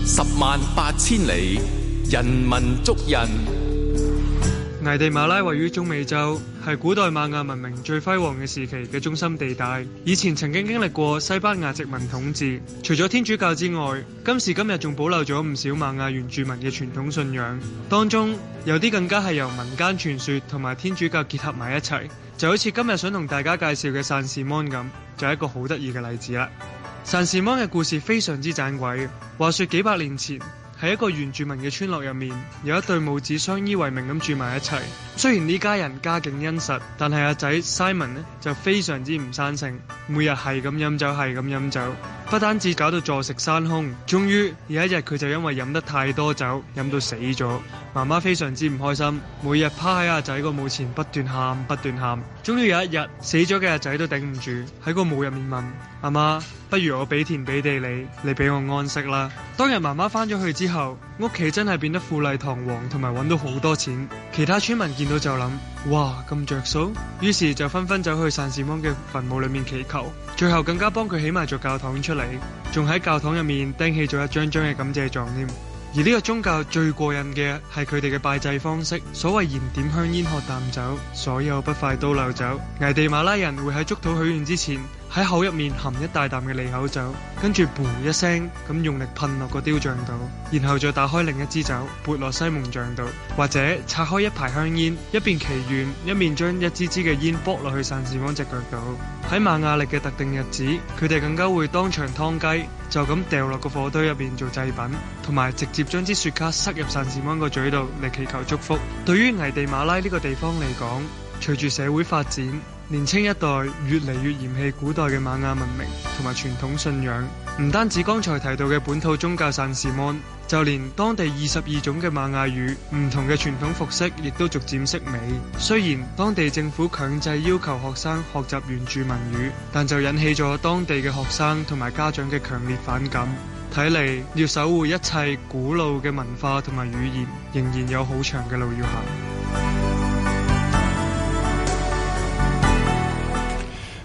十萬八千里，人民族人。危地馬拉位於中美洲，係古代瑪雅文明最輝煌嘅時期嘅中心地帶。以前曾經經歷過西班牙殖民統治，除咗天主教之外，今時今日仲保留咗唔少瑪雅原住民嘅傳統信仰。當中有啲更加係由民間傳說同埋天主教結合埋一齊，就好似今日想同大家介紹嘅善士蒙咁，就係一個好得意嘅例子啦。善士蒙嘅故事非常之盞鬼，話說幾百年前。喺一個原住民嘅村落入面，有一對母子相依為命咁住埋一齊。雖然呢家人家境殷實，但係阿仔 Simon 呢就非常之唔生性，每日係咁飲酒，係咁飲酒，不單止搞到坐食山空，終於有一日佢就因為飲得太多酒，飲到死咗。媽媽非常之唔開心，每日趴喺阿仔個墓前不斷喊，不斷喊。終於有一日死咗嘅阿仔都頂唔住，喺個墓入面問阿媽：不如我俾田俾地你，你俾我安息啦。當日媽媽翻咗去之後，屋企真係變得富麗堂皇，同埋搵到好多錢。其他村民見到就諗，哇咁着數，於是就紛紛走去散士邦嘅墳墓裏面祈求，最後更加幫佢起埋座教堂出嚟，仲喺教堂入面釘起咗一張張嘅感謝狀添。而呢個宗教最過癮嘅係佢哋嘅拜祭方式，所謂燃點香煙喝啖酒，所有不快都溜走。危地馬拉人會喺祝禱許願之前。喺口入面含一大啖嘅利口酒，跟住噗一聲咁用力噴落個雕像度，然後再打開另一支酒潑落西蒙像度，或者拆開一排香煙，一邊祈願，一面將一支支嘅煙剝落去散士翁隻腳度。喺瑪雅曆嘅特定日子，佢哋更加會當場劏雞，就咁掉落個火堆入邊做祭品，同埋直接將支雪茄塞入散士翁個嘴度嚟祈求祝福。對於危地馬拉呢個地方嚟講，隨住社會發展，年青一代越嚟越嫌棄古代嘅瑪雅文明同埋傳統信仰，唔單止剛才提到嘅本土宗教薩斯曼，就連當地二十二種嘅瑪雅語、唔同嘅傳統服飾，亦都逐漸式微。雖然當地政府強制要求學生學習原住民語，但就引起咗當地嘅學生同埋家長嘅強烈反感。睇嚟要守護一切古老嘅文化同埋語言，仍然有好長嘅路要行。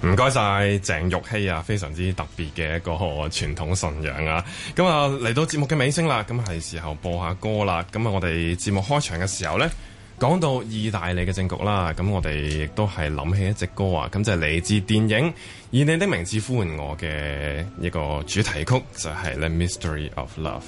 唔該晒鄭玉希啊，非常之特別嘅一個傳統信仰啊！咁啊嚟到節目嘅尾聲啦，咁係時候播一下歌啦！咁啊，我哋節目開場嘅時候呢，講到意大利嘅政局啦，咁我哋亦都係諗起一隻歌啊！咁就係嚟自電影《以你的名字呼喚我》嘅一個主題曲，就係《The Mystery of Love》。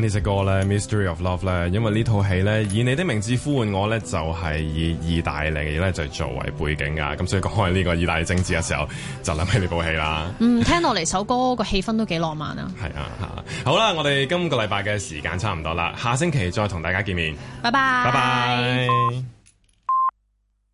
呢隻歌咧《Mystery of Love》咧，因為呢套戲咧《以你的名字呼喚我》咧就係、是、以意大利咧就作為背景噶，咁所以講開呢個意大利政治嘅時候，就諗起呢部戲啦。嗯，聽落嚟首歌個氣 氛都幾浪漫啊。係啊，吓、啊、好啦、啊，我哋今個禮拜嘅時間差唔多啦，下星期再同大家見面。拜拜，拜拜。